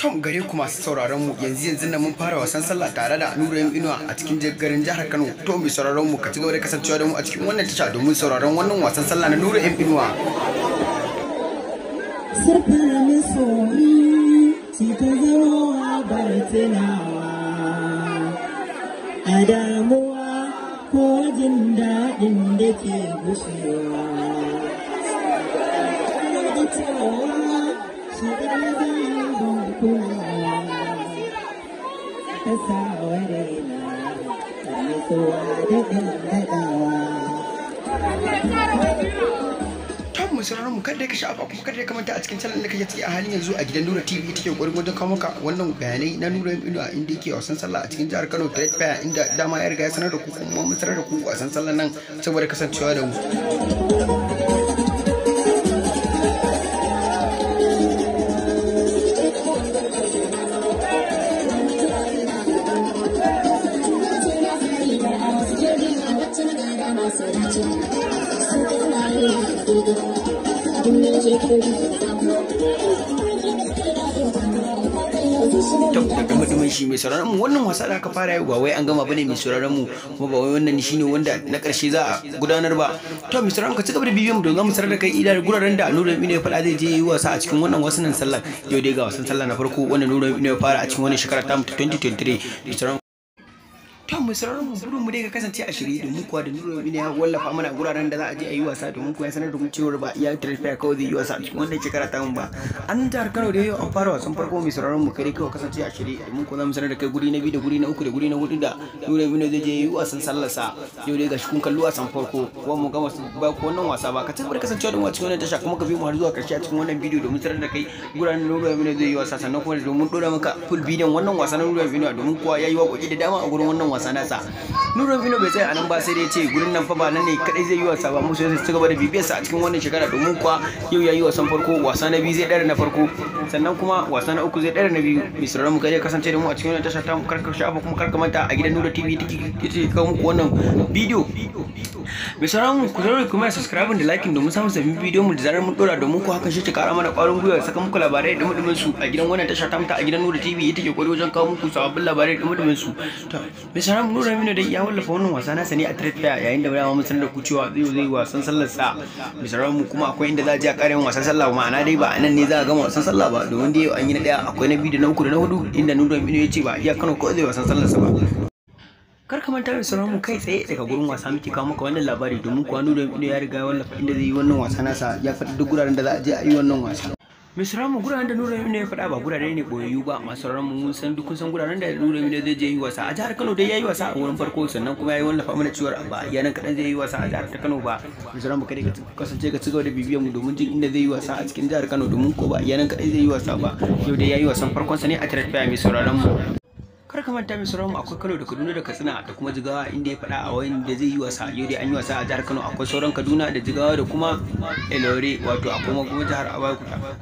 tom gare ku masu sauraron mu yanzu yanzu nan mun fara wasan sallah tare da nurayen inuwa a cikin garin jihar kano to mu sauraron mu ka ci gaba da kasancewa da mu a cikin wannan tasha domin sauraron wannan wasan sallah na nurayen inuwa sirfa na sori ta zama bar a ko jin daɗin da ke gushewa kuna ta mu sauraron mu kada ka sha'afa kuma kada ka manta a cikin channel da kake ciki a halin yanzu a gidan Nura TV take kokarin wajen kawo maka wannan bayanai na Nura Indo a inda yake wasan sallah a cikin jihar Kano Trade Fair inda dama ya riga ya sanar da ku kuma mun da ku wasan sallah nan saboda kasancewa da mu. masarauta suna suna yin shi mai sauraron mu wannan wasa da aka fara yau ba wai an gama bane mai sauraron mu kuma ba wai wannan shine wanda na karshe za a gudanar ba to mai sauraron ka cigaba da bibiyan mu don zamu sanar da kai idan guraren da Nuru Aminu ya fada zai je yi wasa a cikin wannan wasannin sallah yau dai ga wasan sallah na farko wannan Nuru Aminu ya fara a cikin wannan shekara ta 2023 mai To mu sauraron mu burin mu dai ka kasance a shirye domin kuwa da Nuru ne ya wallafa mana guraren da za a je a yi wasa domin kuwa ya sanar da mu cewa ba ya transfer kawai zai yi wasa a cikin wannan shekara ta mun ba. An jihar Kano da yau an fara wasan farko mu sauraron mu kai kawai kasance a shirye domin kuwa za mu sanar da kai guri na biyu da guri na uku da guri na hudu da Nuru ne zai je yi wasan sallarsa yau dai gashi kun kallo wasan farko kuma mu gama ba ku wannan wasa ba ka tabbata kasancewa da a cikin wannan tasha kuma ka bi mu har zuwa karshe a cikin wannan bidiyo domin sanar da kai guraren Nuru ne zai yi wasa sannan kuma domin dora maka full bidiyon wannan wasa na Nuru ne domin kuwa yayi waƙoƙi da dama a gurin wannan wasa masanarsa nasa fino bai tsaya a nan ba sai dai ce gurin nan fa ba nan ne kadai zai yi wasa ba musu sai su gaba da bibiyarsa a cikin wannan shekara domin kuwa yau ya yi wasan farko wasa na biyu zai dare na farko sannan kuma wasa na uku zai dare na biyu mai sauraron mu kai kasance da mu a cikin wannan tashar mu karkar shafa kuma karka manta a gidan Nura TV take kawo muku wannan bidiyo mai sauraron mu ku zaure kuma subscribe da like domin samun sabbin bidiyo mu da zarar mun dora domin ku hakan shi ta kara mana kwarin gwiwa saka muku labarai da mudumin su a gidan wannan tashar mu ta a gidan Nura TV take kwari wajen kawo muku sababbin labarai da mudumin su to Saram Nura Aminu da ya wallafa wannan wasa nasa ne a Tretfair yayin da dama mun sanar da ku cewa zai zai wasan sallar sa. Misaran mu kuma akwai inda za a je a ƙara yin wasan sallah ma'ana dai ba a nan ne za a gama wasan sallah ba domin dai an yi na daya akwai na biyu da na uku da na hudu inda Nura Aminu ya ce ba iya Kano ko zai wasan sallar sa ba. kar ka manta da sauran mu kai tsaye daga gurin wasa muke kawo maka wannan labari domin kwano da ya riga wallafa inda zai yi wannan wasa nasa ya faɗi duk guraren da za a je a yi wannan wasa misramu guraren da nura ne ya faɗa ba gurare ne boyayyu ba masu sauraron mu mun san dukkan san guraren da nura ne zai je yi wasa a jihar Kano dai yayi wasa a wurin farko sannan kuma yayi wallafa mana ciwar ba yanan kadan zai yi wasa a jihar Kano ba misramu mu kada ka kasance ka cigaba da bibiyar mu domin jin inda zai yi wasa a cikin jihar Kano domin ko ba yanan kadan zai yi wasa ba yau dai yayi wasan farkon sa ne a tarafi a sauraron mu kar ka manta misra mu akwai Kano da Kaduna da Katsina da kuma Jigawa inda ya faɗa a wayan da zai yi wasa yau dai an yi wasa a jihar Kano akwai sauran Kaduna da Jigawa da kuma Elore wato akwai kuma jihar Abakuta